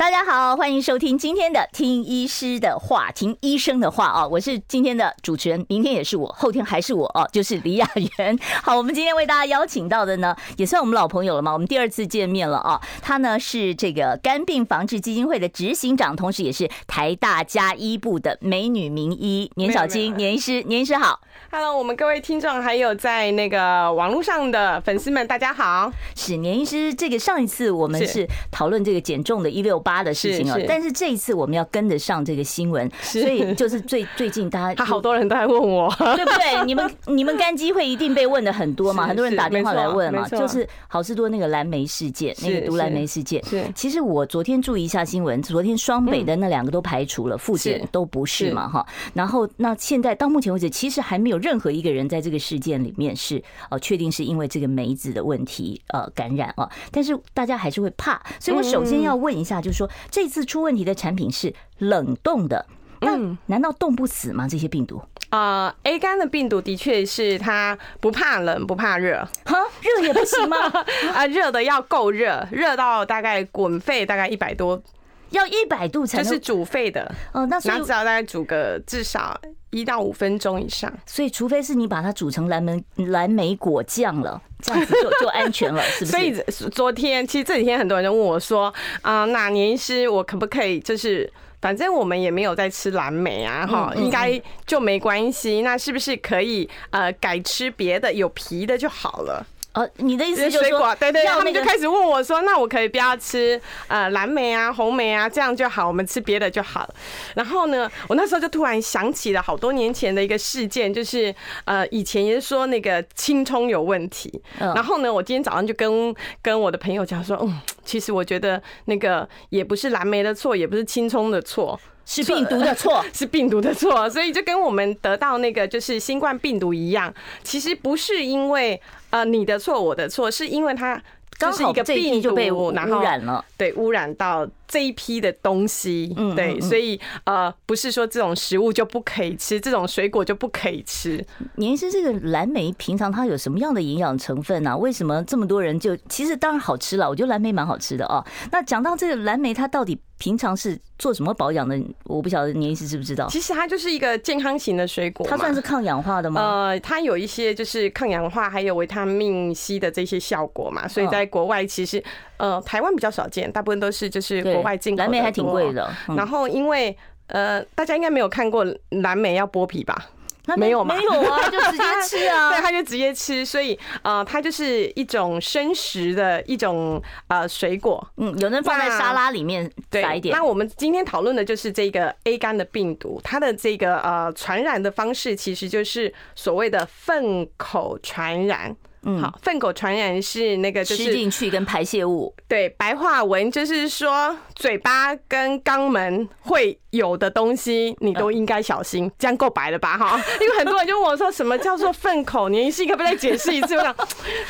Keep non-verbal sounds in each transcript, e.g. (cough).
大家好，歡迎收聽今天的《聽醫師的話》，聽醫生的話啊！我是今天的主持人，明天也是我，後天還是我哦、啊，就是李雅媛。好，我們今天為大家邀請到的呢，也算我們老朋友了嘛，我們第二次見面了啊。她呢是這個肝病防治基金會的執行長，同時也是台大家醫部的美女名醫粘曉菁粘醫師。粘醫師好，Hello，我們各位聽眾還有在那個網絡上的粉絲們，大家好。是粘醫師，這個上一次我們是討論這個減重的一六八。發的事情啊，但是這一次我們要跟得上這個新聞，所以就是最最近，大家好多人都在問我，對不對？你們 (laughs) 你們肝基會一定被問的很多嘛？很多人打電話來問嘛，是是啊、就是好市多那個藍莓事件，啊、那個毒藍莓事件是。是，其實我昨天注意一下新聞，昨天雙北的那兩個都排除了，複檢都不是嘛，哈。然後那現在到目前為止，其實還沒有任何一個人在這個事件裡面是哦、呃，確定是因為這個莓子的問題呃感染啊、哦。但是大家還是會怕，所以我首先要問一下，就是、嗯。說這次出問題的產品是冷凍的，那難道凍不死嗎？這些病毒啊，嗯，呃，A 肝的病毒的確是它不怕冷，不怕熱，哈，熱也不行嗎？啊，熱的要夠熱，熱到大概滾沸，大概一百多。要一百度才能，就是煮沸的哦、嗯。那所以只要大概煮個至少一到五分鐘以上，所以除非是你把它煮成藍莓藍莓果醬了，這樣子就就安全了， (laughs) 是不是？所以昨天其實這幾天很多人都問我說啊、呃，那粘醫師？我可不可以就是，反正我們也沒有在吃藍莓啊，哈、嗯嗯嗯，應該就沒關係。那是不是可以呃改吃別的有皮的就好了？呃、哦，你的意思就是說，水果？對對，他們就開始問我說：“那我可以不要吃呃藍莓啊、紅莓啊，這樣就好，我們吃別的就好了。”然後呢，我那時候就突然想起了好多年前的一個事件，就是呃，以前也是說那個青蔥有問題。然後呢，我今天早上就跟跟我的朋友講說：“嗯，其實我覺得那個也不是藍莓的錯，也不是青蔥的錯。”是病毒的錯，是病毒的錯，所以就跟我們得到那個就是新冠病毒一樣，其實不是因為呃你的錯我的錯，是因為它就是一個病毒被污染了，對，污染到。這一批的東西，對，所以呃，不是說這種食物就不可以吃，這種水果就不可以吃。粘醫師，這個藍莓，平常它有什麼樣的營養成分呢、啊？為什麼這麼多人就其實當然好吃了，我覺得藍莓蠻好吃的哦。那講到這個藍莓，它到底平常是做什麼保養的？我不曉得粘醫師知不知道。其實它就是一個健康型的水果，它算是抗氧化的嗎？呃，它有一些就是抗氧化，還有維他命 C 的這些效果嘛。所以在國外其實呃，台灣比較少見，大部分都是就是。外進口藍莓還挺貴的，嗯，然後因為呃，大家應該沒有看過藍莓要剝皮吧？沒，沒有嗎？沒有啊，就直接吃啊， (laughs) 對，它就直接吃，所以呃，它就是一種生食的一種呃水果，嗯，有人放在沙拉裡面，對一點。那我們今天討論的就是這個 A 肝的病毒，它的這個呃傳染的方式其實就是所謂的糞口傳染。嗯，好，糞口傳染是那個吸、就、進、是、去跟排泄物。對，白話文就是說，嘴巴跟肛門會有的東西，你都應該小心。嗯、這樣夠白了吧？哈、嗯，因為很多人就問我說，什麼叫做糞口？ (laughs) 你是可不可以再解釋一次？我想，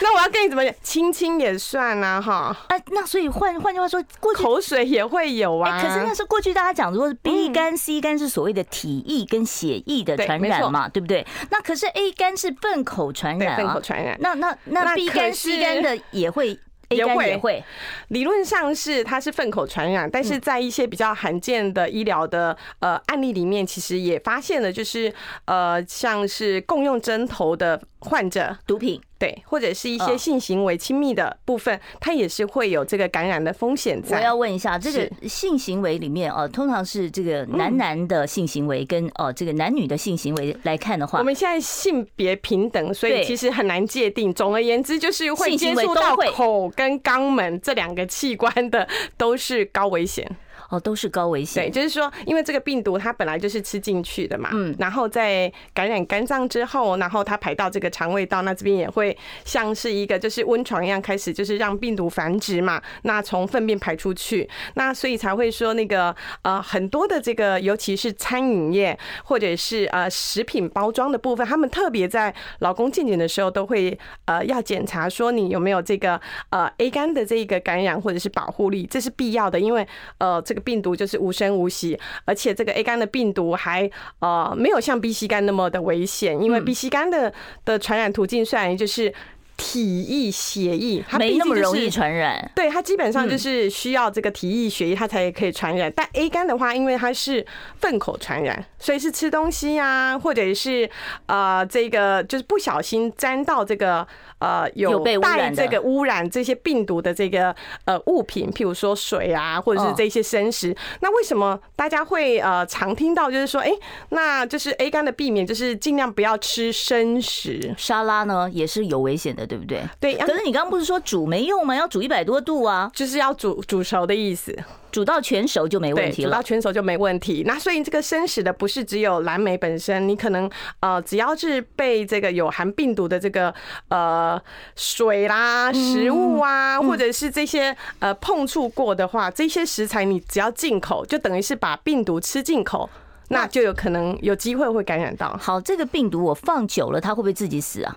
那我要跟你怎麼講？親親也算啊，哈。哎、欸，那所以換換句話說，過去口水也會有啊、欸。可是那是過去大家講，如果是 B 肝、嗯、C 肝是所謂的體液跟血液的傳染嘛對，對不對？那可是 A 肝是糞口傳染糞、啊、口傳染那。那那 B 肝 C 肝的也會也會也會，理論上是它是糞口傳染，但是在一些比較罕見的醫療的呃案例裡面，其實也發現了，就是呃像是共用針頭的患者毒品。對，或者是一些性行為親密的部分，它也是會有這個感染的風險在。嗯，我要問一下，這個性行為裡面哦，通常是這個男男的性行為跟哦這個男女的性行為來看的話，我們現在性別平等，所以其實很難界定。總而言之，就是會接觸到口跟肛門這兩個器官的都是高危險。哦，都是高危險。對，就是說，因為這個病毒它本來就是吃進去的嘛，嗯，然後在感染肝臟之後，然後它排到這個腸胃道，那這邊也會像是一個就是溫床一樣，開始就是讓病毒繁殖嘛。那從糞便排出去，那所以才會說那個呃很多的這個，尤其是餐飲業或者是呃食品包裝的部分，他們特別在勞工進境的時候都會呃要檢查說你有沒有這個呃 A 肝的這一個感染或者是保護力，這是必要的，因為呃這個。病毒就是無聲無息，而且這個 A 肝的病毒還呃沒有像 B、C 肝那麼的危險，因為 B、C 肝的的傳染途徑，雖然就是體液、血液，它，就是，沒那麼容易傳染。對，它基本上就是需要這個體液、血液，它才可以傳染，嗯。但 A 肝的話，因為它是糞口傳染，所以是吃東西呀、啊，或者是呃這個就是不小心沾到這個。呃，有帶這個污染這些病毒的這個呃物品，譬如說水啊，或者是這些生食。那為什麼大家會呃常聽到就是說，哎，那就是 A 肝的避免就是盡量不要吃生食，沙拉呢也是有危險的，對不對？對，可是你剛剛不是說煮沒用嗎？要煮一百多度啊，就是要煮煮熟的意思。煮到全熟就沒問題了。煮到全熟就沒問題。那所以這個生食的不是只有藍莓本身，你可能呃只要是被這個有含病毒的這個呃水啦、食物啊，或者是這些呃碰觸過的話，這些食材你只要進口，就等於是把病毒吃進口，那就有可能有機會會感染到。好，這個病毒我放久了，它會不會自己死啊？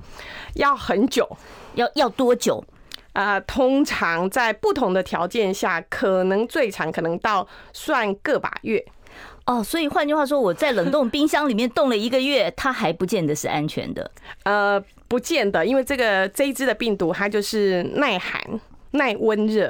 要很久，要要多久？啊、呃，通常在不同的條件下，可能最長可能到算個把月，哦。所以換句話說，我在冷凍冰箱裡面凍了一個月， (laughs) 它還不見得是安全的。呃，不見得，因為這個這一支的病毒它就是耐寒、耐溫熱，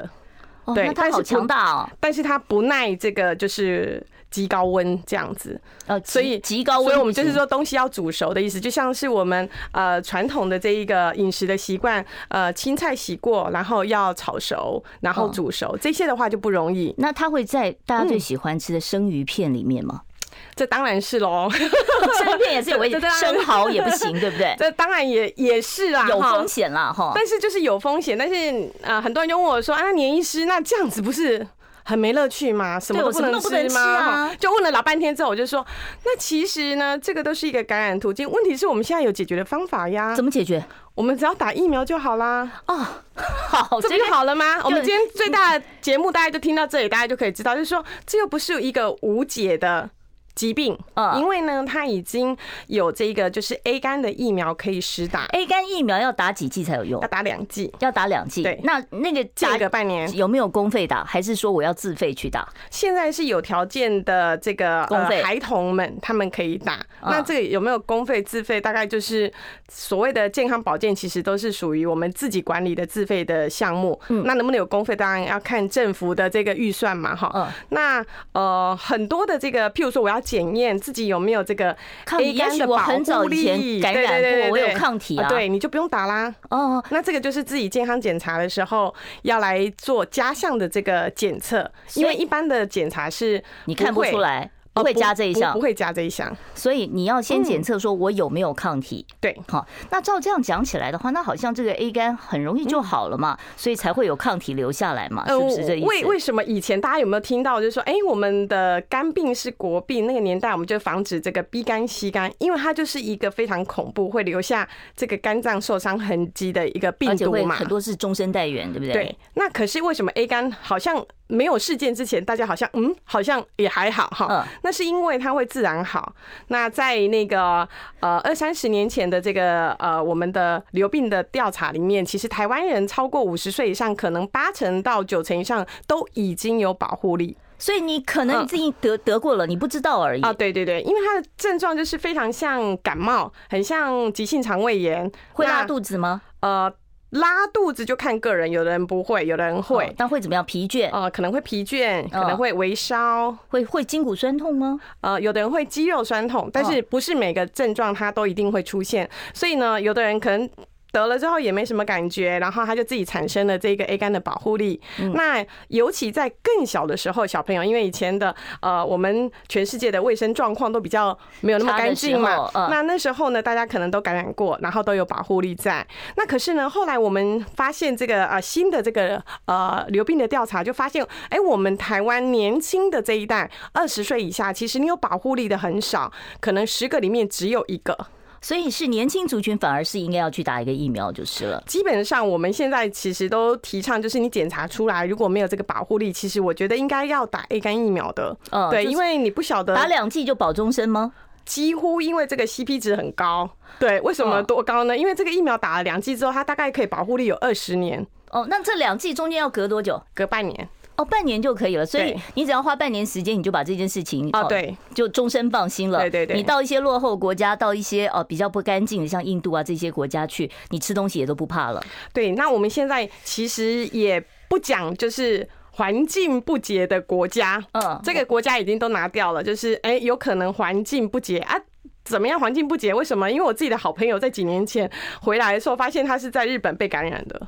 對、哦，它好強大哦。但是它不耐這個，就是。極高溫這樣子，呃，所以極高溫，所以我們就是說，東西要煮熟的意思，就像是我們呃傳統的這一個飲食的習慣，呃，青菜洗過，然後要炒熟，然後煮熟，這些的話就不容易、哦。嗯、那它會在大家最喜歡吃的生魚片裡面嗎、嗯？這當然是嘍，生片也是有危險，生蠔也不行，對不對？這當然也也是啊，有風險啦。哈。但是就是有風險，但是啊、呃，很多人就問我說啊，粘醫師，那這樣子不是？很沒樂趣嗎，什麼都不能吃嗎？吃啊、就問了老半天之後，我就說，那其實呢，這個都是一個感染途徑。問題是我們現在有解決的方法呀。怎麼解決？我們只要打疫苗就好啦。哦，好， (laughs) 這不就好了嗎？我們今天最大的節目，大家就聽到這裡， (laughs) 大家就可以知道，就是說，這又不是一個無解的。疾病。嗯，因為呢，它已經有這個就是 A 肝的疫苗可以施打。Uh, A 肝疫苗要打幾劑才有用？要打兩劑。要打兩劑。對，那那個價格、這個、半年有沒有公費打？還是說我要自費去打？現在是有條件的，這個、呃、公費孩童們他們可以打。Uh, 那這個有沒有公費自費？大概就是所謂的健康保健，其實都是屬於我們自己管理的自費的項目。嗯，那能不能有公費？當然要看政府的這個預算嘛。哈，嗯、uh，那呃，很多的這個，譬如說我要。檢驗自己有沒有這個抗 A 肝的保護力，對對對，對，我有抗體啊，對，你就不用打啦。哦，那這個就是自己健康檢查的時候要來做加項的這個檢測，因為一般的檢查是你看不出來。不會加這一項，不會加這一項。所以你要先檢測，說我有沒有抗體？對，好。那照這樣講起來的話，那好像這個 A 肝很容易就好了嘛，所以才會有抗體留下來嘛，是不是這意思？嗯，為為什麼以前大家有沒有聽到，就是說，哎，我們的肝病是國病，那個年代我們就防止這個 B 肝、C 肝，因為它就是一個非常恐怖，會留下這個肝臟受傷痕跡的一個病毒嘛，很多是終身帶原，對不對？對。那可是為什麼 A 肝好像？沒有事件之前，大家好像嗯，好像也還好哈。那是因為它會自然好。那在那個呃二三十年前的這個呃我們的流病的調查裡面，其實台灣人超過五十歲以上，可能八成到九成以上都已經有保護力。所以你可能你自己得、嗯、得過了，你不知道而已。啊，對對對，因為它的症狀就是非常像感冒，很像急性腸胃炎，會拉肚子嗎？呃。拉肚子就看個人，有的人不會，有的人會。哦，但會怎麼樣？疲倦啊、呃，可能會疲倦。哦，可能會微燒，會會筋骨酸痛嗎？呃，有的人會肌肉酸痛，但是不是每個症狀它都一定會出現。哦，所以呢，有的人可能。得了之後也沒什麼感覺，然後他就自己產生了這個 A 肝的保護力。那尤其在更小的時候，小朋友，因為以前的呃，我們全世界的衛生狀況都比較沒有那麼乾淨嘛，那那時候呢，大家可能都感染過，然後都有保護力在。那可是呢，後來我們發現這個啊、呃，新的這個呃流病的調查就發現，哎，我們台灣年輕的這一代，二十歲以下，其實你有保護力的很少，可能十個裡面只有一個。所以是年輕族群反而是應該要去打一個疫苗就是了。基本上我們現在其實都提倡，就是你檢查出來如果沒有這個保護力，其實我覺得應該要打 A 肝疫苗的。嗯，對，因為你不曉得打兩劑就保終身嗎？幾乎因為這個 CP 值很高。對，為什麼多高呢？因為這個疫苗打了兩劑之後，它大概可以保護力有二十年。哦，那這兩劑中間要隔多久？隔半年。哦，半年就可以了，所以你只要花半年時間，你就把這件事情啊、哦，對，就終身放心了。對對對，你到一些落後國家，到一些哦比較不乾淨的，像印度啊這些國家去，你吃東西也都不怕了。對，那我們現在其實也不講就是環境不潔的國家，嗯，這個國家已經都拿掉了。就是哎、欸，有可能環境不潔啊，怎麼樣？環境不潔為什麼？因為我自己的好朋友在幾年前回來的時候，發現他是在日本被感染的。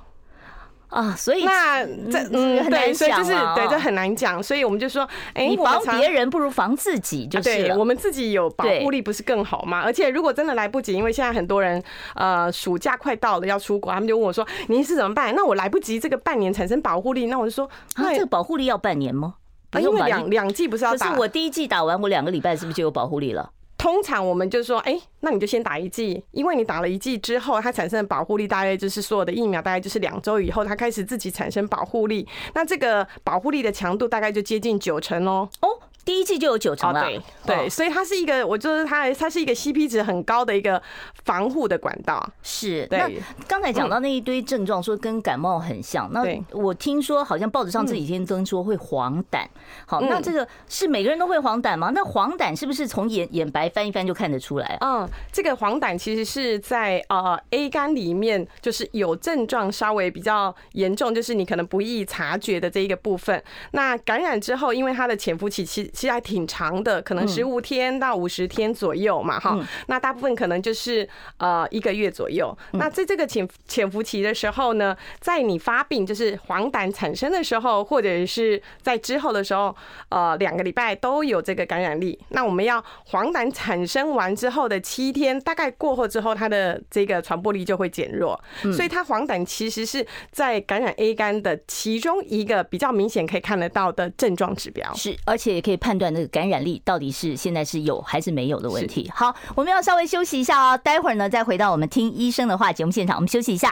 啊，所以那這嗯，很難哦、對，所以就是對，這很難講。所以我們就說，哎、欸，你防別人不如防自己，就是。對，我們自己有保護力不是更好嗎？而且如果真的來不及，因為現在很多人呃，暑假快到了要出國，他們就問我說：“您是怎麼辦？”那我來不及這個半年產生保護力，那我就說：“那、啊、這個保護力要半年嗎？啊、因為兩兩季不是要打？可是我第一季打完，我兩個禮拜是不是就有保護力了？”通常我們就說，哎，那你就先打一劑，因為你打了一劑之後，它產生的保護力大概就是所有的疫苗，大概就是兩周以後，它開始自己產生保護力。那這個保護力的強度大概就接近九成嘍。哦。第一劑就有九成了。oh, 對，對，所以它是一個，我就是它，它是一個 CP 值很高的一個防護的管道。是，對。那剛才講到那一堆症狀，說跟感冒很像。嗯，那我聽說好像報紙上這幾天都說會黃疸。嗯，好，那這個是每個人都會黃疸嗎？那黃疸是不是從眼眼白翻一翻就看得出來啊？嗯，這個黃疸其實是在啊、uh, A 肝裡面，就是有症狀稍微比較嚴重，就是你可能不易察覺的這一個部分。那感染之後，因為它的潛伏期其實其實還挺長的，可能十五天到五十天左右嘛，哈。那大部分可能就是呃一個月左右。那在這個潛潛伏期的時候呢，在你發病就是黃疸產生的時候，或者是在之後的時候，呃，兩個禮拜都有這個感染力。那我們要黃疸產生完之後的七天，大概過後之後，它的這個傳播力就會減弱。所以它黃疸其實是在感染 A 肝的其中一個比較明顯可以看得到的症狀指標。是，而且也可以。判斷那個感染力到底是現在是有還是沒有的問題。好，我們要稍微休息一下哦、啊，待會兒呢再回到我們聽醫生的話節目現場。我們休息一下，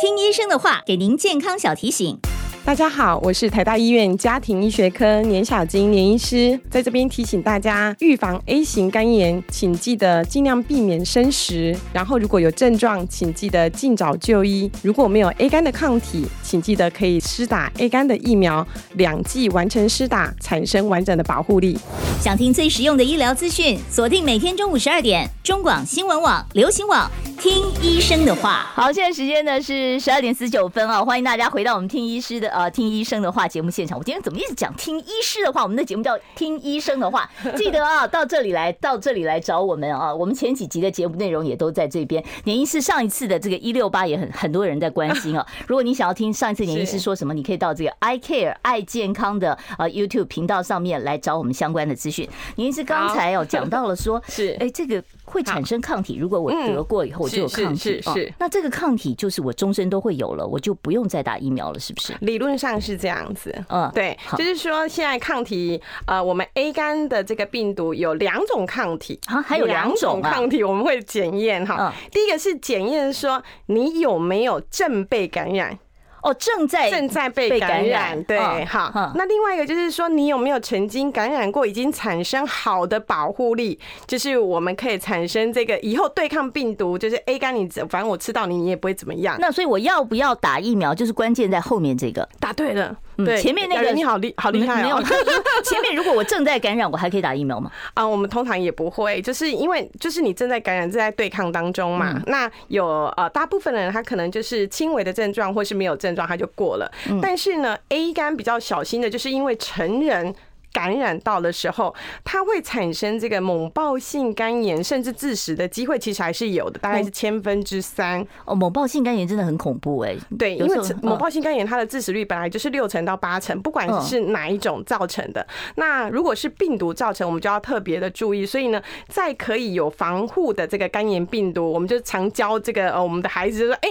聽醫生的話，給您健康小提醒。大家好，我是台大醫院家庭醫學科粘曉菁粘醫師，在這邊提醒大家，預防 A 型肝炎，請記得盡量避免生食，然後如果有症狀，請記得儘早就醫。如果沒有 A 肝的抗體，請記得可以施打 A 肝的疫苗，兩劑完成施打，產生完整的保護力。想聽最實用的醫療資訊，鎖定每天中午十二點中廣新聞網、流行網，聽醫生的話。好，現在時間呢是十二點四九分啊、哦，歡迎大家回到我們聽醫師的。啊，聽醫生的話。節目現場，我今天怎麼一直講聽醫師的話？我們的節目叫聽醫生的話，記得啊，到這裡來，到這裡來找我們啊。我們前幾集的節目內容也都在這邊。粘醫師上一次的這個一六八也很很多人在關心啊。如果您想要聽上一次粘醫師說什麼，你可以到這個 I Care 愛健康的啊 YouTube 頻道上面來找我們相關的資訊。粘醫師剛才哦講到了說，是哎這個。會產生抗體。如果我得過以後，嗯、就有抗體，是，是，是，是、哦、那這個抗體就是我終身都會有了，我就不用再打疫苗了，是不是？理論上是這樣子。嗯，對，就是說現在抗體，呃，我們 A 肝的這個病毒有兩種抗體，啊，還有兩種、啊、兩種抗體我們會檢驗哈。第一個是檢驗說你有沒有正被感染。哦，正在正在被感染，對，好。那另外一個就是說，你有沒有曾經感染過，已經產生好的保護力，就是我們可以產生這個以後對抗病毒，就是 A 肝，你反正我吃到你，你也不會怎麼樣。那所以我要不要打疫苗，就是關鍵在後面這個。答對了。嗯、對，前面那個你好厲好厲害，哦。沒有，他前面如果我正在感染，我還可以打疫苗嗎？ (laughs) 啊，我們通常也不會，就是因為就是你正在感染，正在對抗當中嘛。嗯、那有呃，大部分的人他可能就是輕微的症狀，或是沒有症狀，他就過了。嗯、但是呢，A 肝比較小心的，就是因為成人。感染到的時候，它會產生這個猛暴性肝炎，甚至致死的機會，其實還是有的，大概是千分之三。哦，猛暴性肝炎真的很恐怖哎。對，因為猛暴性肝炎它的致死率本來就是六成到八成，不管是哪一種造成的。那如果是病毒造成，我們就要特別的注意。所以呢，在可以有防護的這個肝炎病毒，我們就常教這個呃我們的孩子說，哎。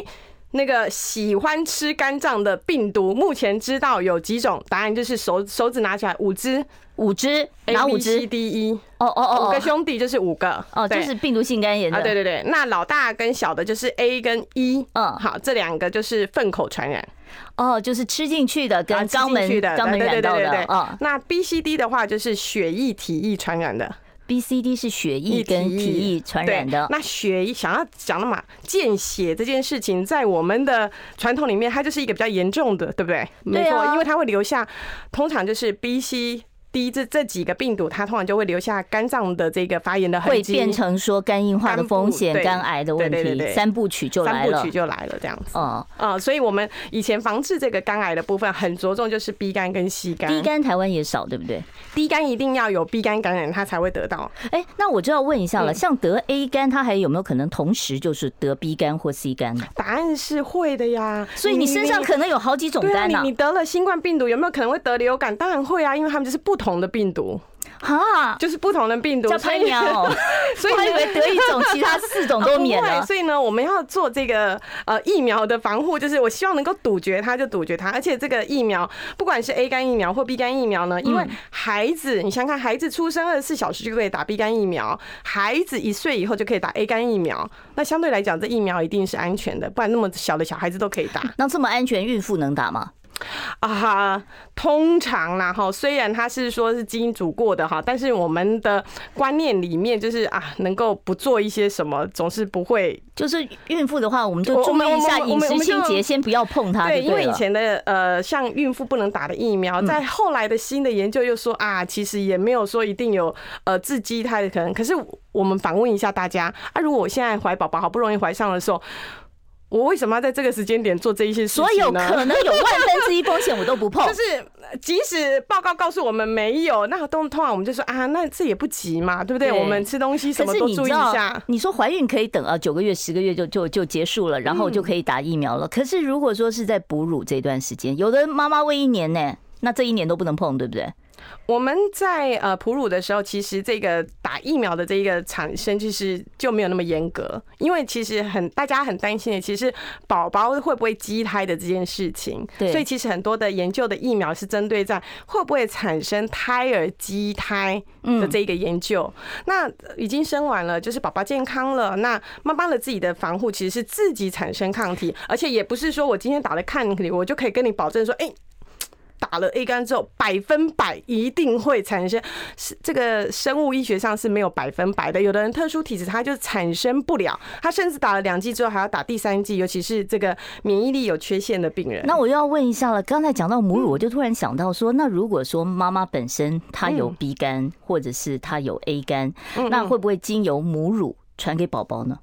那個喜歡吃肝臟的病毒，目前知道有幾種？答案就是手手，手指拿起來五隻，五隻，哪五隻？C D 一 -E，哦哦哦，哦，五個兄弟就是五個對哦，就是病毒性肝炎啊，對對對，那老大跟小的就是 A 跟 E，嗯、哦，好，這兩個就是糞口傳染，哦，就是吃進去的跟肛門、啊、去的肛門的、啊、對，對對對。啊、哦，那 B C D 的話就是血液體液傳染的。B、C、D 是血液跟體液傳染的。那血想要講了嘛，見血這件事情，在我們的傳統裡面，它就是一個比較嚴重的，對不對？沒錯，因為它會留下，通常就是 B、C。第一，這這幾個病毒，它通常就會留下肝臟的這個發炎的痕迹，會變成說肝硬化的風險、肝癌的問題，三部曲就來了。三部曲就來了，這樣子。哦，啊，所以我們以前防治這個肝癌的部分很着重，就是 B 肝跟 C 肝。D 肝台灣也少，對不對？D 肝一定要有 B 肝感染，它才會得到。哎，那我就要問一下了、嗯，像得 A 肝，它還有沒有可能同時就是得 B 肝或 C 肝呢？答案是會的呀。所以你身上可能有好幾種肝啊，你，對啊，你得了新冠病毒，有沒有可能會得流感？當然會啊，因為他們就是不同。不同的病毒哈、啊，就是不同的病毒，所以呵呵所以以為得一種，其他四種都免了。 (laughs) 嗯、對，所以呢，我們要做這個呃疫苗的防護，就是我希望能夠杜絕它，就杜絕它。而且這個疫苗，不管是 A 肝疫苗或 B 肝疫苗呢，因為孩子，嗯、你想看孩子出生二十四小時就可以打 B 肝疫苗，孩子一歲以後就可以打 A 肝疫苗。那相對來講，這疫苗一定是安全的，不然那麼小的小孩子都可以打。嗯、那這麼安全，孕婦能打嗎？啊，通常啦哈，雖然他是說是基因組過的哈，但是我們的觀念裡面就是啊，能夠不做一些什麼，總是不會。就是孕婦的話，我們就注意一下飲食清潔，先不要碰它，對，因為以前的呃，像孕婦不能打的疫苗，在後來的新的研究又說啊，其實也沒有說一定有呃致畸胎的可能。可是我們反問一下大家啊，如果我現在懷寶寶，好不容易懷上的時候。我為什麼要在這個時間點做這一些事情呢？所有可能有萬分之一風險我都不碰， (laughs) 就是即使報告告訴我們沒有，那都通常我們就說啊，那這也不急嘛，對不對？對，我們吃東西什麼都注意一下你。你說懷孕可以等啊，九個月，十個月就就就結束了，然後就可以打疫苗了。嗯、可是如果說是在哺乳這段時間，有的媽媽餵一年呢、欸，那這一年都不能碰，對不對？我們在呃哺乳的時候，其實這個打疫苗的這一個產生，就是就沒有那麼嚴格，因為其實很大家很擔心的，其實寶寶會不會畸胎的這件事情。對，所以其實很多的研究的疫苗是針對在會不會產生胎兒畸胎的這一個研究，嗯。那已經生完了，就是寶寶健康了，那媽媽了自己的防護其實是自己產生抗體，而且也不是說我今天打了抗體，我就可以跟你保證說，哎、欸。打了 A 肝之後，百分百一定會產生，是這個生物醫學上是沒有百分百的。有的人特殊體質，他就產生不了。他甚至打了兩劑之後，還要打第三劑，尤其是這個免疫力有缺陷的病人。那我又要問一下了，剛才講到母乳，我就突然想到說，那如果說媽媽本身她有 B 肝，或者是她有 A 肝，那會不會經由母乳傳給寶寶呢？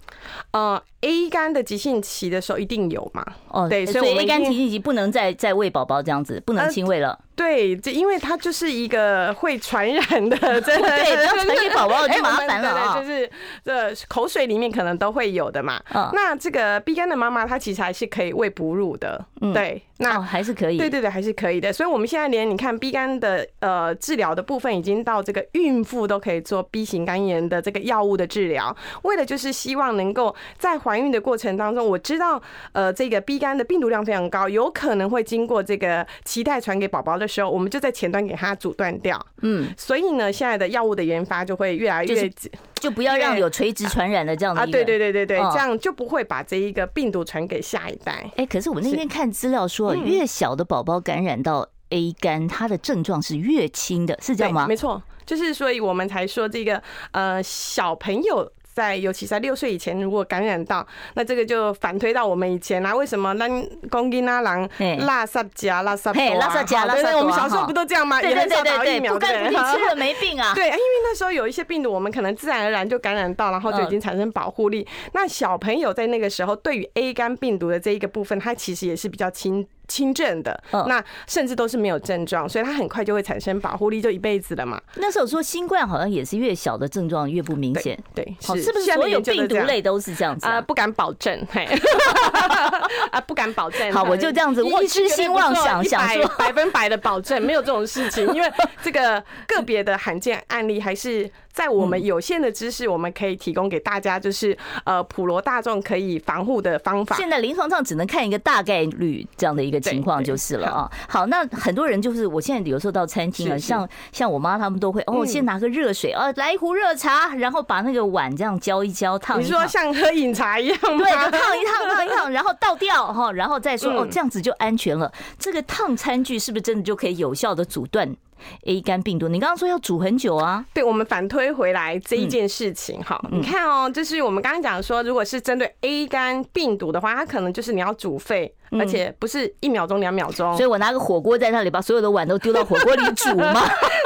啊。A 肝的急性期的時候一定有嘛？哦，對，所以 A 肝急性期不能再再餵寶寶這樣子，不能親餵了、啊。對，因為它就是一個會傳染的，真的， (laughs) 對，寶寶 (laughs) 欸、要傳給寶寶就麻煩了、啊、對，對，對。就是這、呃、口水裡面可能都會有的嘛。Oh. 那這個 B 肝的媽媽她其實還是可以餵哺乳的，對，嗯、那、oh, 還是可以，對，對對對，還是可以的。所以我們現在連你看 B 肝的呃治療的部分已經到這個孕婦都可以做 B 型肝炎的這個藥物的治療，為了就是希望能夠再在。懷孕的過程當中，我知道，呃，這個 B 肝的病毒量非常高，有可能會經過這個臍帶傳給寶寶的時候，我們就在前端給它阻斷掉。嗯，所以呢，現在的藥物的研發就會越來越、嗯，就，就不要讓有垂直傳染的這樣子啊。對對對對對，對，哦，這樣就不會把這一個病毒傳給下一代。哎，可是我那邊看資料說，越小的寶寶感染到 A 肝，它的症狀是越輕的，是這樣嗎？沒錯，就是，所以我們才說這個呃小朋友。在尤其在六歲以前，如果感染到，那這個就反推到我們以前啦、啊。為什麼？那公斤拉郎，拉薩加拉薩，拉薩加拉薩，對，對，對，對，我們小時候不都這樣嗎？對對對對對，不乾不淨吃了沒病啊。對，因為那時候有一些病毒，我們可能自然而然就感染到，然後就已經產生保護力、嗯。那小朋友在那個時候，對於 A 肝病毒的這一個部分，它其實也是比較輕。輕症的、哦，那甚至都是沒有症狀，所以它很快就會產生保護力，就一輩子了嘛。那時候說新冠好像也是越小的症狀越不明顯，對，對是、哦，是不是所有病毒類都是這樣子啊？啊不敢保證，嘿 (laughs) (laughs) 啊，不敢保證。好，嗯、我就這樣子，我癡心妄想，想說百百分百的保證 (laughs) 沒有這種事情，因為這個個別的罕見案例還是。在我們有限的知識，我們可以提供給大家，就是呃普羅大眾可以防護的方法。嗯、現在臨床上只能看一個大概率這樣的一個情況就是了啊、哦嗯。好，那很多人就是我現在有時候到餐廳了，是是像像我媽他們都會哦，先拿個熱水啊、哦，來一壺熱茶，然後把那個碗這樣澆一澆燙。你說像喝飲茶一、嗯、樣嗎？對，燙 (laughs) 一燙、燙一燙，然後倒掉哈、哦，然後再說、嗯、哦，這樣子就安全了。這個燙餐具是不是真的就可以有效的阻斷？A 肝病毒，你剛剛說要煮很久啊？對，我們反推回來這一件事情，哈，你看哦、喔，就是我們剛剛講說，如果是針對 A 肝病毒的話，它可能就是你要煮沸。而且不是一秒鐘兩秒鐘、嗯，所以我拿個火鍋在那裡，把所有的碗都丟到火鍋裡煮嘛 (laughs) (laughs) 。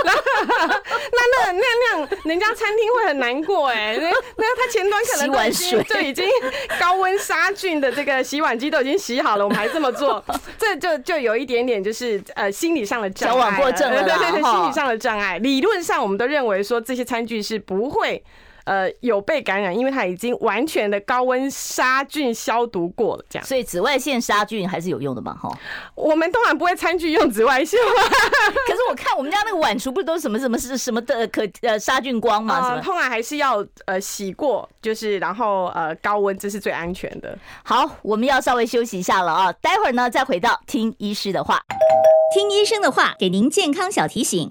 那那那那，那那人家餐廳會很難過哎、欸，那那他前端可能已經就已經高溫殺菌的這個洗碗機都已經洗好了，我們還這麼做，這就就有一點點就是呃心理上的障礙，矯枉過正了啦，對對對，心理上的障礙。 (laughs) 理論上我們都認為說這些餐具是不會。呃，有被感染，因為它已經完全的高溫殺菌消毒過了，這樣。所以紫外線殺菌還是有用的嘛？哈，我們當然不會餐具用紫外線 (laughs) 可是我看我們家那個碗櫥不都是什麼什麼是什,什麼的可呃殺菌光嘛、呃？通常還是要呃洗過，就是然後呃高溫這是最安全的。好，我們要稍微休息一下了啊，待會兒呢再回到聽醫師的話，聽醫生的話，給您健康小提醒。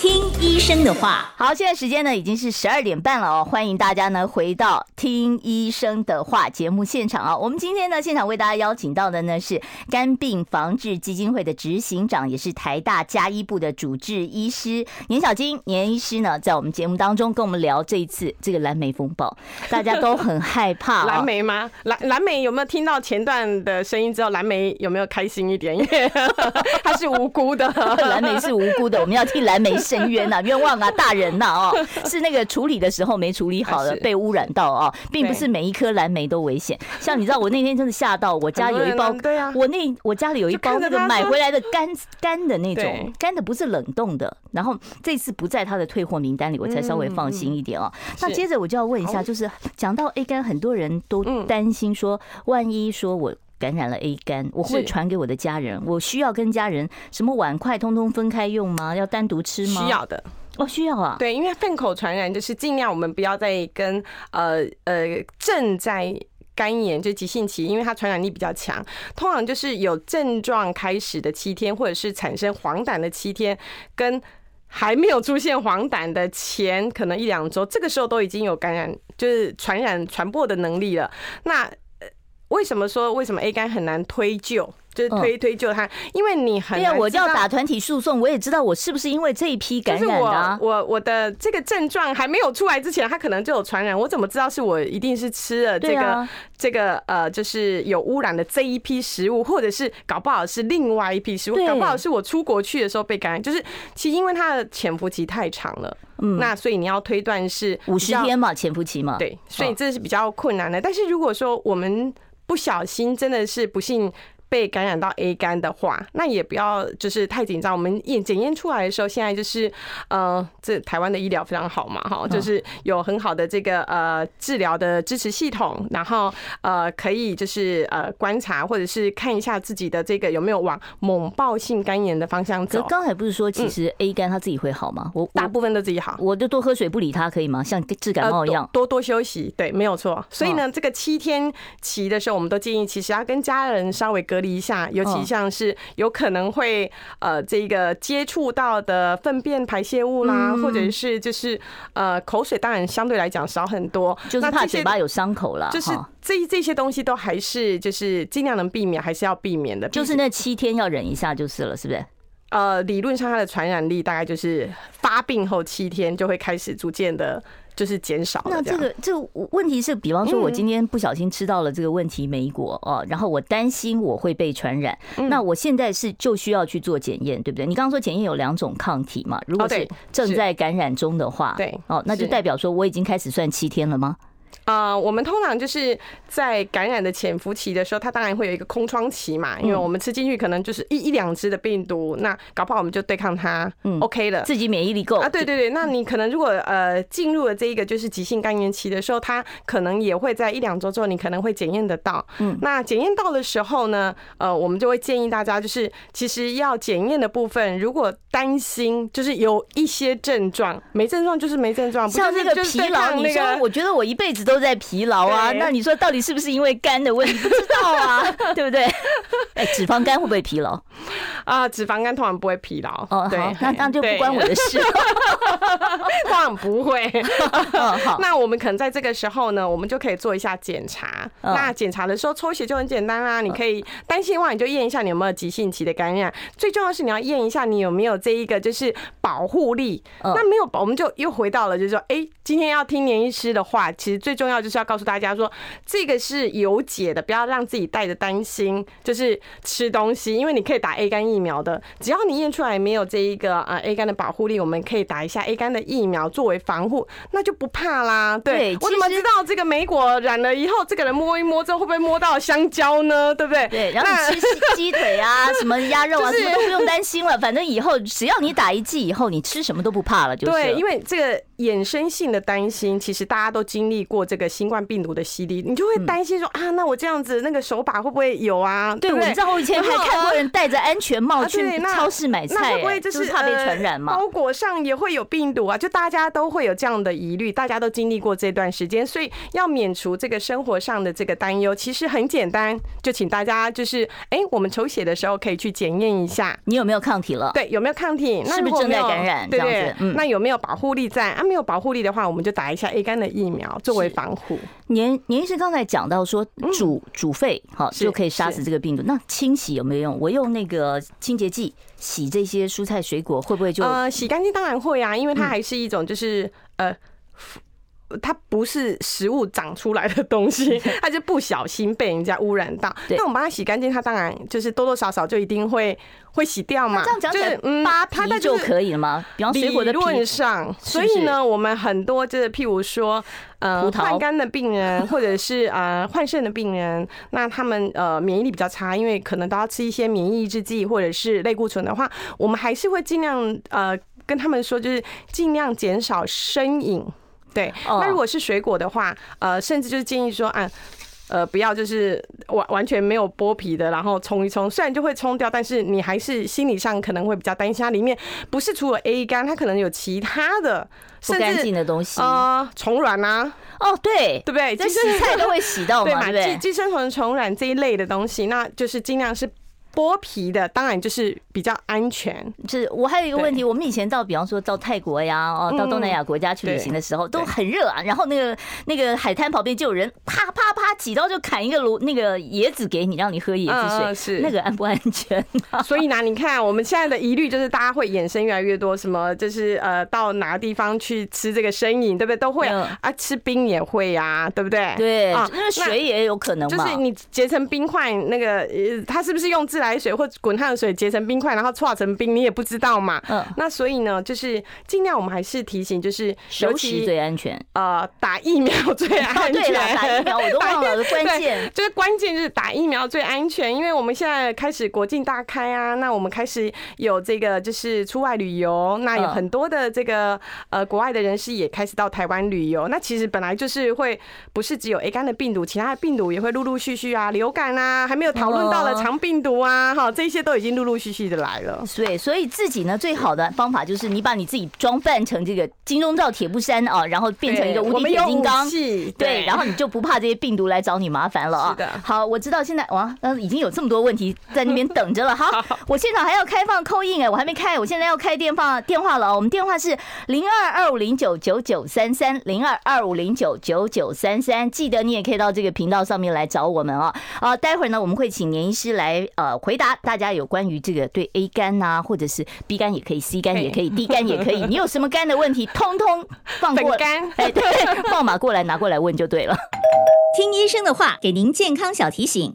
聽醫生的話，好，現在時間呢已經是十二點半了哦，歡迎大家呢回到聽醫生的話節目現場啊、哦。我們今天呢現場為大家邀請到的呢是肝病防治基金會的執行長，也是臺大家醫科的主治醫師粘曉菁粘醫師呢，在我們節目當中跟我們聊這一次這個藍莓風暴，大家都很害怕、哦。 (laughs) 藍莓嗎？藍藍莓有沒有聽到前段的聲音之後，藍莓有沒有開心一點？因為他是無辜的，藍莓是無辜的，我們要替藍莓。伸冤吶，冤枉啊，大人吶、啊，哦，是那個處理的時候沒處理好的，被污染到哦、啊，並不是每一顆藍莓都危險。像你知道，我那天真的嚇到，我家有一包，對啊，我那我家裡有一包那個買回來的干干的那種，乾的不是冷凍的，然後這次不在他的退貨名單裡，我才稍微放心一點哦。那接着我就要問一下，就是講到 A 肝，很多人都擔心說，萬一說我。感染了 A 肝，我會傳給我的家人。我需要跟家人什麼碗筷通通分開用嗎？要單獨吃嗎？需要的哦，需要啊。對，因為糞口傳染就是盡量我們不要再跟呃呃正在肝炎就急性期，因為它傳染力比較強。通常就是有症狀開始的七天，或者是產生黃疸的七天，跟還沒有出現黃疸的前可能一兩週，這個時候都已經有感染，就是傳染傳播的能力了。那。為什麼說為什麼 A 肝很難推救？就是推推救它？因為你很難。對啊，我就要打團體訴訟，我也知道我是不是因為這一批感染的。我我的這個症狀還沒有出來之前，他可能就有傳染，我怎麼知道是我一定是吃了這個這個呃，就是有污染的這一批食物，或者是搞不好是另外一批食物，搞不好是我出國去的時候被感染。就是其實因為它的潛伏期太長了，嗯，那所以你要推斷是五十天嘛，潛伏期嘛，對，所以這是比較困難的。但是如果說我們不小心，真的是不幸，被感染到 A 肝的話，那也不要就是太緊張。我們驗檢驗出來的時候，現在就是，呃，這台灣的醫療非常好嘛，哈，就是有很好的這個呃治療的支持系統，然後呃可以就是呃觀察或者是看一下自己的這個有沒有往猛爆性肝炎的方向走。剛才不是說其實 A 肝它自己會好嗎？我大部分都自己好，我就多喝水，不理它可以嗎？像治感冒一樣，多多休息。對，沒有錯。所以呢，這個七天期的時候，我們都建議其實要跟家人稍微隔一下，尤其像是有可能會呃，這個接觸到的糞便排泄物啦，或者是就是呃口水，當然相對來講少很多，就是怕嘴巴有傷口了。就是這這些東西都還是就是盡量能避免還是要避免的。就是那七天要忍一下就是了，是不是？呃，理論上它的傳染力大概就是發病後七天就會開始逐漸的，就是減少。嗯、那這個這個問題是，比方說，我今天不小心吃到了這個問題莓果哦，然後我擔心我會被傳染，那我現在是就需要去做檢驗，對不對？你剛剛說檢驗有兩種抗體嘛？如果是正在感染中的話，對，哦，那就代表說我已經開始算七天了嗎？啊、呃，我們通常就是在感染的潛伏期的時候，它當然會有一個空窗期嘛，因為我們吃進去可能就是一一兩隻的病毒，那搞不好我們就對抗它，嗯，OK 了，自己免疫力夠啊。對對對，那你可能如果呃進入了這一個就是急性肝炎期的時候，它可能也會在一兩周之後，你可能會檢驗得到。嗯，那檢驗到的時候呢，呃，我們就會建議大家，就是其實要檢驗的部分，如果擔心就是有一些症狀，沒症狀就是沒症狀。像這個疲勞，你說我覺得我一輩子都。在疲勞啊？那你說到底是不是因為肝的問題？不知道啊， (laughs) 對不對？哎、欸，脂肪肝會不會疲勞？啊、呃，脂肪肝通常不會疲勞。哦、oh,，oh, 對，那這樣就不關我的事。當然 (laughs) 不會。Oh, (laughs) (laughs) 那我們可能在這個時候呢，我們就可以做一下檢查。Oh, 那檢查的時候抽血就很簡單啦、啊。Oh. 你可以擔心的話，你就驗一下你有沒有急性期的感染。最重要是你要驗一下你有沒有這一個就是保護力。Oh. 那沒有保，我們就又回到了，就是說，哎、欸，今天要聽粘醫師的話，其實最重。要就是要告訴大家說，這個是有解的，不要讓自己帶着擔心。就是吃東西，因為你可以打 A 肝疫苗的。只要你驗出來沒有這一個啊 A 肝的保護力，我們可以打一下 A 肝的疫苗作為防護，那就不怕啦。對，我怎麼知道這個莓果染了以後，這個人摸一摸之後會不會摸到香蕉呢？ (laughs) 對不對？對，然後你吃雞腿啊，什麼鴨肉啊，什麼都不用擔心了。反正以後只要你打一劑，以後你吃什麼都不怕了。就是對，啊啊、因為這個。衍生性的擔心，其實大家都經歷過這個新冠病毒的洗禮，你就會擔心說啊，那我這樣子那個手把會不會有啊、嗯？對，對我以前還看過人戴着安全帽去超市買菜，嗯，啊、那，那會不會就是怕被傳染嗎？包裹上也會有病毒啊，就大家都會有這樣的疑慮。大家都經歷過這段時間，所以要免除這個生活上的這個擔憂，其實很簡單，就請大家就是哎、欸，我們抽血的時候可以去檢驗一下你有沒有抗體了，對，有沒有抗體？是不是正在感染？對、嗯，那有沒有保護力在啊？如果沒有保護力的話，我們就打一下 A 肝的疫苗作為防護。粘、粘醫師剛才講到說煮、嗯、煮沸好就可以殺死這個病毒，那清洗有沒有用？我用那個清潔劑洗這些蔬菜水果，會不會就？呃，洗乾淨當然會啊，因為它還是一種就是、嗯、呃。它不是食物長出來的東西，它就不小心被人家污染。到那我們把它洗乾淨，它當然就是多多少少就一定會會洗掉嘛。這樣講起來它，皮就可以了嗎？理論上，所以呢，我們很多就是譬如說，呃，換肝的病人或者是呃換腎的病人，那他們呃免疫力比較差，因為可能都要吃一些免疫抑制劑或者是類固醇，的話，我們還是會盡量呃跟他們說，就是盡量減少生飲。對，那如果是水果的話，呃，甚至就是建議說啊，呃，不要就是完完全沒有剝皮的，然後沖一沖，雖然就會沖掉，但是你還是心理上可能會比較擔心，它裡面不是除了 A 肝，它可能有其他的甚至，呃啊，不乾淨的東西啊，蟲卵啊，哦，對，對不對？在洗菜都會洗到對嘛，對吧？寄生蟲蟲卵這一類的東西，那就是盡量是剝皮的，當然就是。比較安全。就是我還有一個問題，我們以前到，比方說到泰國呀，哦、嗯，到東南亞國家去旅行的時候，都很熱啊。然後那個那個海灘旁邊就有人啪啪啪幾刀就砍一個爐，那個椰子給你，讓你喝椰子水。是、嗯、那個安不安全？嗯、 (laughs) 所以呢，你看我們現在的疑慮就是大家會衍生越來越多，什麼就是呃，到哪個地方去吃這個生飲，對不對？都會啊，嗯、啊吃冰也會呀、啊，對不對？對，哦、因為水也有可能，就是你結成冰塊，那個呃，他是不是用自來水或滾燙水結成冰？快，然後化成冰，你也不知道嘛。嗯，那所以呢，就是儘量我們還是提醒，就是尤其,尤其最安全，呃，打疫苗最安全、 (laughs) 啊。對，打疫苗我都忘了，關鍵就是關鍵就是打疫苗最安全，因為我們現在開始國境大開啊，那我們開始有這個就是出外旅遊，那有很多的這個呃國外的人士也開始到台灣旅遊，那其實本來就是會不是只有 A 肝的病毒，其他的病毒也會陸陸續續啊，流感啊，還沒有討論到的腸病毒啊，哈、uh-oh.，這些都已經陸陸續續。就來了，對，所以自己呢，最好的方法就是你把你自己裝扮成這個金鐘罩鐵布衫啊，然後變成一個無敵鐵金剛，對，然後你就不怕這些病毒來找你麻煩了啊。好，我知道現在哇、呃，已經有這麼多問題在那邊等着了。好，我現場還要開放 call in 哎，我還沒開，我現在要開電放電話了。我們電話是零二二五零九九九三三零二二五零九九九三三，記得你也可以到這個頻道上面來找我們啊啊、呃！待會兒呢，我們會請粘醫師來呃回答大家有關於這個。對 A 肝吶、啊，或者是 B 肝也可以，C 肝也可以，D 肝也可以， (laughs) 你有什麼肝的問題，通通放過肝哎，哎，對，放馬過來 (laughs) 拿過來問就對了。聽醫生的話，給您健康小提醒。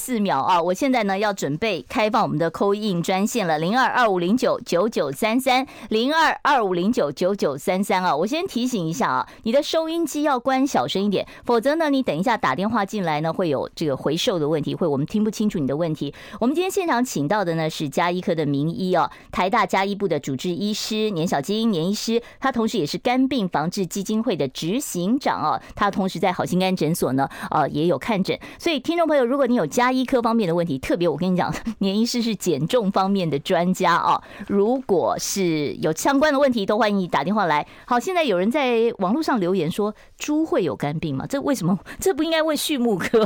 四秒啊！我現在呢要準備開放我們的 call in 專線了，零二二五零九九九三三，零二二五零九九九三三啊！我先提醒一下啊，你的收音機要關小聲一點，否則呢，你等一下打電話進來呢會有這個回授的問題，會我們聽不清楚你的問題。我們今天現場請到的呢是家醫科的名醫哦、啊，台大家醫部的主治醫師粘曉菁粘醫師，他同時也是肝病防治基金會的執行長哦、啊，他同時在好心肝診所呢呃、啊、也有看診，所以聽眾朋友，如果你有家醫科方面的問題，特別我跟你講，粘醫師是減重方面的專家啊。如果是有相關的問題，都歡迎你打電話來。好，現在有人在網絡上留言說。豬會有肝病嗎？這為什麼？這不應該問畜牧科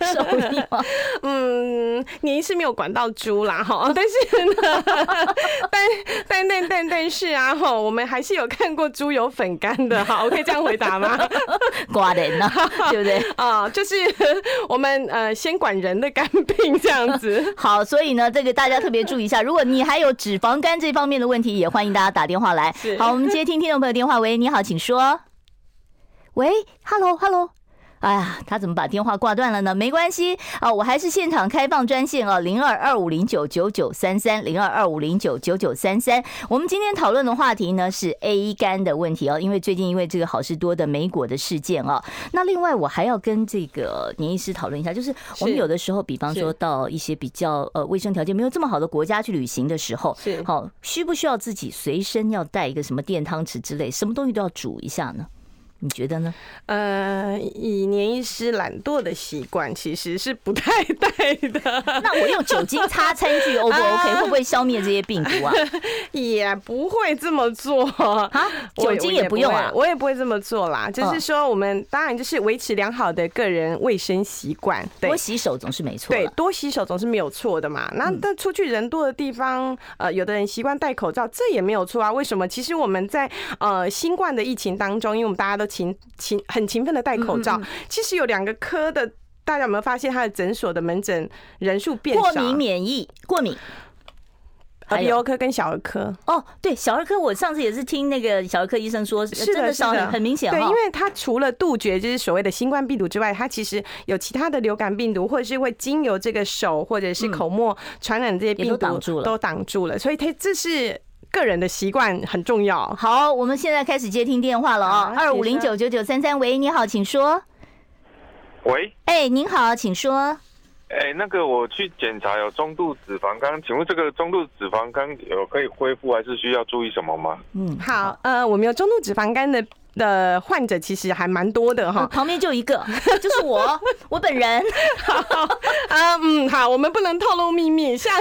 獸醫嗎？ (laughs) 嗯，您是沒有管到豬啦，哈。 (laughs) 但是，但但但但但是啊，哈，我們還是有看過豬有粉肝的，哈。我可以這樣回答嗎？颳 (laughs) 人呢、啊？ (laughs) 對不對？啊、呃，就是我們呃，先管人的肝病這樣子。 (laughs) 好，所以呢，這個大家特別注意一下。如果你還有脂肪肝這方面的問題，也歡迎大家打電話來。好，我們接聽聽眾朋友的電話。喂，你好，請說。喂，Hello，Hello，hello? 哎呀，他怎麼把電話掛斷了呢？沒關係啊，我還是現場開放專線哦，零二二五零九九九三三零二二五零九九九三三。我們今天討論的話題呢是 A 肝的問題哦，因為最近因為這個好事多的莓果的事件哦，那另外我還要跟這個粘醫師討論一下，就是我們有的時候，比方說到一些比較呃衛生條件沒有這麼好的國家去旅行的時候，是，好、哦，需不需要自己隨身要帶一個什麼電湯匙之類，什麼東西都要煮一下呢？你覺得呢？呃，一年一時懶惰的習慣其實是不太對的。 (laughs) 那我用酒精擦餐具，O 不 O K？會不會消滅這些病毒啊？ (laughs) 也不會這麼做，哈酒精也不用啊我不，我也不會這麼做啦。就是說，我們當然就是維持良好的個人衛生習慣，oh.，對，多洗手總是沒錯。對，多洗手總是沒有錯的嘛。那但出去人多的地方，呃，有的人習慣戴口罩，這也沒有錯啊。為什麼？其實我們在呃新冠的疫情當中，因為我們大家都。勤勤很勤奮的戴口罩、嗯。嗯嗯、其實有兩個科的，大家有沒有發現他的診所的門診人數變少？過敏免疫，過敏。耳鼻喉科跟小兒科。哦，對，小兒科，我上次也是聽那個小兒科醫生說，是的，是的，很明顯、哦。對，因為他除了杜絕就是所謂的新冠病毒之外，他其實有其他的流感病毒，或者是會經由這個手或者是口沫傳染這些病毒，都擋住了，都擋住了。所以他這是。個人的習慣很重要。好，我們現在開始接聽電話了、哦、啊！二五零九九九三三，2509933，喂，你好，請說。喂，哎、欸，您好，請說。哎、欸，那個，我去檢查有中度脂肪肝，請問這個中度脂肪肝有可以恢復，還是需要注意什麼嗎？嗯，好，呃，我們有中度脂肪肝的。的患者其實還蠻多的哈、嗯，旁邊就一個，就是我， (laughs) 我本人。啊， (laughs) 嗯，好，我們不能透露秘密，像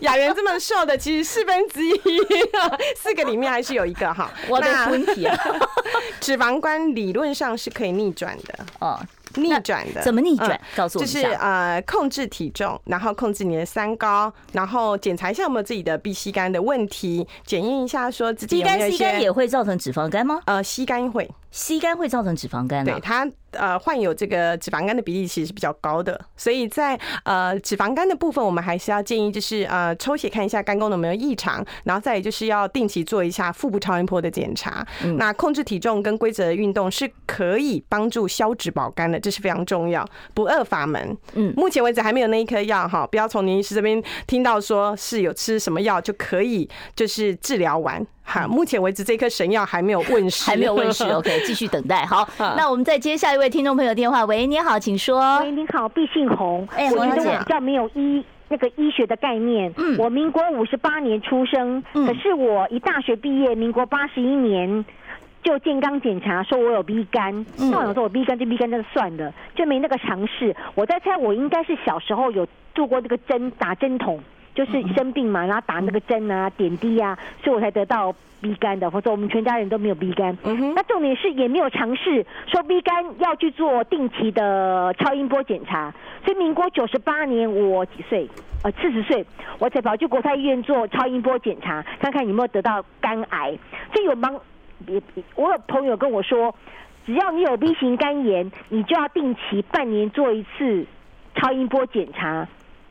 雅媛這麼瘦的，其實四分之一，四個裡面還是有一個哈。我的問題啊， (laughs) 脂肪肝理論上是可以逆轉的啊。逆轉的怎麼逆轉，嗯？告訴我，就是呃，控制體重，然後控制你的三高，然後檢查一下有沒有自己的 B C 肝的問題，檢驗一下說自己的。B 肝、C 肝也會造成脂肪肝嗎？呃，C 肝會。吸肝會造成脂肪肝。啊，對它呃患有這個脂肪肝的比例其實是比較高的，所以在呃脂肪肝的部分，我們還是要建議就是呃抽血看一下肝功能有沒有異常，然後再也就是要定期做一下腹部超音波的檢查。嗯。那控制體重跟規則的運動是可以幫助消脂保肝的，這是非常重要，不二法門。嗯，目前為止還沒有那一顆藥哈，不要從粘醫師這邊聽到說是有吃什麼藥就可以就是治療完。好，目前為止這顆神藥還沒有問世，還沒有問世，OK，繼 (laughs) 續等待。好， (laughs) 那我們再接下一位聽眾朋友電話。喂，你好，請說。喂，hey，你好，敝姓洪。哎，欸，我覺得我比較沒有醫那個醫學的概念。嗯。我民國五十八年出生，嗯，可是我一大學畢業，民國八十一年就健康檢查，說我有 B 肝。那，嗯，我說我 B 肝就 B 肝就算了，就沒那個嘗試。我在猜，我應該是小時候有做過這個針打針筒。就是生病嘛，然後打那個針啊、點滴啊，所以我才得到 B 肝的，或者我們全家人都沒有 B 肝。Mm -hmm. 那重點是也沒有嘗試說 B 肝要去做定期的超音波檢查。所以民國九十八年我幾歲？呃，四十歲我才跑去國泰醫院做超音波檢查，看看有沒有得到肝癌。所以有忙，我有朋友跟我說，只要你有 B 型肝炎，你就要定期半年做一次超音波檢查。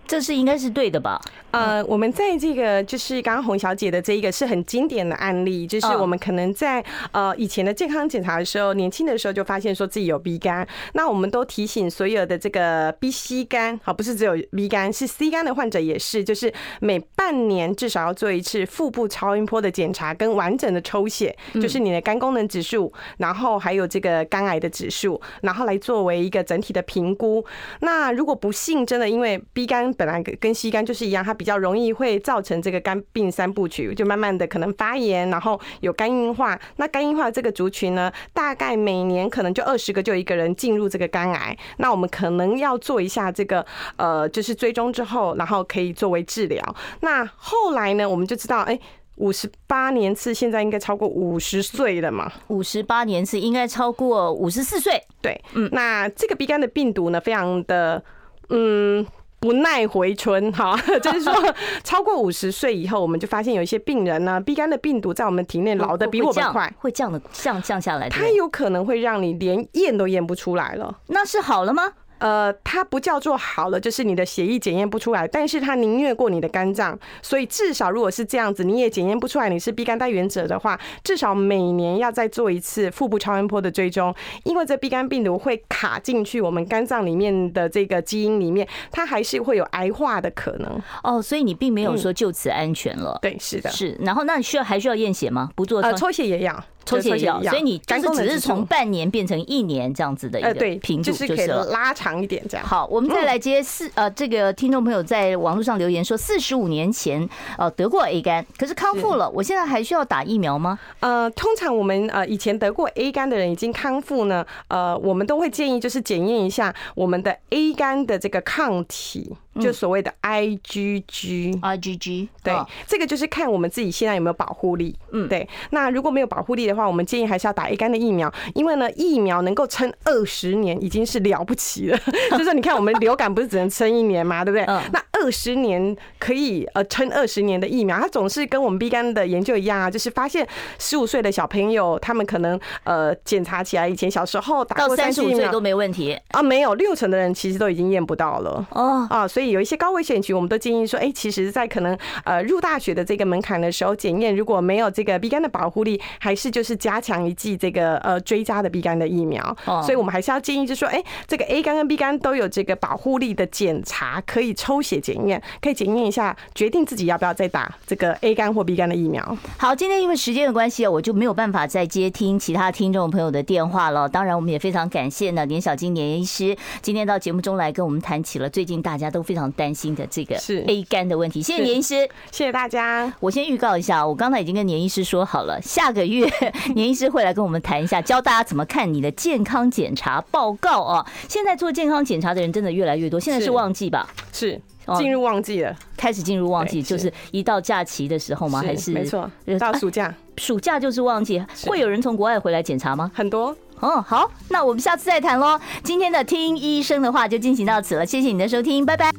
這是應該是對的吧？呃，我們在這個就是剛剛洪小姐的這一個是很經典的案例，就是我們可能在呃以前的健康檢查的時候，年輕的時候就發現說自己有 B 肝，那我們都提醒所有的這個 B C 肝，啊，不是只有 B 肝，是 C 肝的患者也是，就是每半年至少要做一次腹部超音波的檢查，跟完整的抽血，就是你的肝功能指數，然後還有這個肝癌的指數，然後來作為一個整體的評估。那如果不幸真的因為 B 肝本來跟跟 C 肝就是一樣，它比較容易會造成這個肝病三部曲，就慢慢的可能發炎，然後有肝硬化。那肝硬化這個族群呢，大概每年可能就二十個就一個人進入這個肝癌。那我們可能要做一下這個呃，就是追蹤之後，然後可以作為治療。那後來呢，我們就知道，哎，五十八年次現在應該超過五十歲了嘛？五十八年次應該超過五十四歲。對，嗯，那這個 B 肝的病毒呢，非常的，嗯。不耐回春，哈，就是說超過五十歲以後，我們就發現有一些病人呢，B 肝的病毒在我們體內老得比我們快， (laughs) 會，會降的降降下來，它有可能會讓你連驗都驗不出來了 (laughs) ，那是好了嗎？呃，它不叫做好了，就是你的血液檢驗不出來，但是它寧願過你的肝臟，所以至少如果是這樣子，你也檢驗不出來你是 B 肝帶原者的話，至少每年要再做一次腹部超音波的追蹤，因為這 B 肝病毒會卡進去我們肝臟裡面的這個基因裡面，它還是會有癌化的可能哦。所以你並沒有說就此安全了。嗯，對，是的，是。然後那你需要還需要驗血嗎？不做。呃，抽血也一樣。抽血一樣，所以你但是只是從半年變成一年這樣子的一個，呃，對，就是可以拉長一點這樣。好，我們再來接四、嗯、呃，這個聽眾朋友在網絡上留言說，四十五年前呃得過 A 肝，可是康復了，我現在還需要打疫苗嗎？呃，通常我們呃以前得過 A 肝的人已經康復呢，呃，我們都會建議就是檢驗一下我們的 A 肝的這個抗體。就所謂的 I G G，I G G，對，這個就是看我們自己現在有沒有保護力。嗯，對。那如果沒有保護力的話，我們建議還是要打 A 肝的疫苗，因為呢，疫苗能夠撐二十年已經是了不起了。 (laughs) (laughs) 就是說你看，我們流感不是只能撐一年嘛，對不對？那二十年可以呃撐二十年的疫苗，它總是跟我們 B 肝的研究一樣啊，就是發現十五歲的小朋友，他們可能呃檢查起來以前小時候打過，到三十五歲都沒問題啊。沒有六成的人其實都已經驗不到了、啊。哦啊，所以。所以有一些高危險群，我們都建議說：哎，其實，在可能呃入大學的這個門檻的時候，檢驗如果沒有這個 B 肝的保護力，還是就是加強一劑這個呃追加的 B 肝的疫苗。哦。所以我們還是要建議，就是說：哎，這個 A 肝跟 B 肝都有這個保護力的檢查，可以抽血檢驗，可以檢驗一下，決定自己要不要再打這個 A 肝或 B 肝的疫苗。好，今天因為時間的關係，我就沒有辦法再接聽其他聽眾朋友的電話了。當然，我們也非常感謝呢，粘曉菁粘醫師今天到節目中來跟我們談起了最近大家都非。非常擔心的這個是 A 肝的問題。謝謝粘醫師，謝謝大家。我先預告一下，我剛才已經跟粘醫師說好了，下個月粘醫師會來跟我們談一下，教大家怎麼看你的健康檢查報告啊、喔。現在做健康檢查的人真的越來越多。現在是旺季吧？是進入旺季了，開始進入旺季，就是一到假期的時候嗎？還是，是沒錯，到暑假，啊、暑假就是旺季。會有人從國外回來檢查嗎？很多。哦，好，那我們下次再談嘍。今天的聽醫生的話就進行到此了，謝謝你的收聽，拜拜。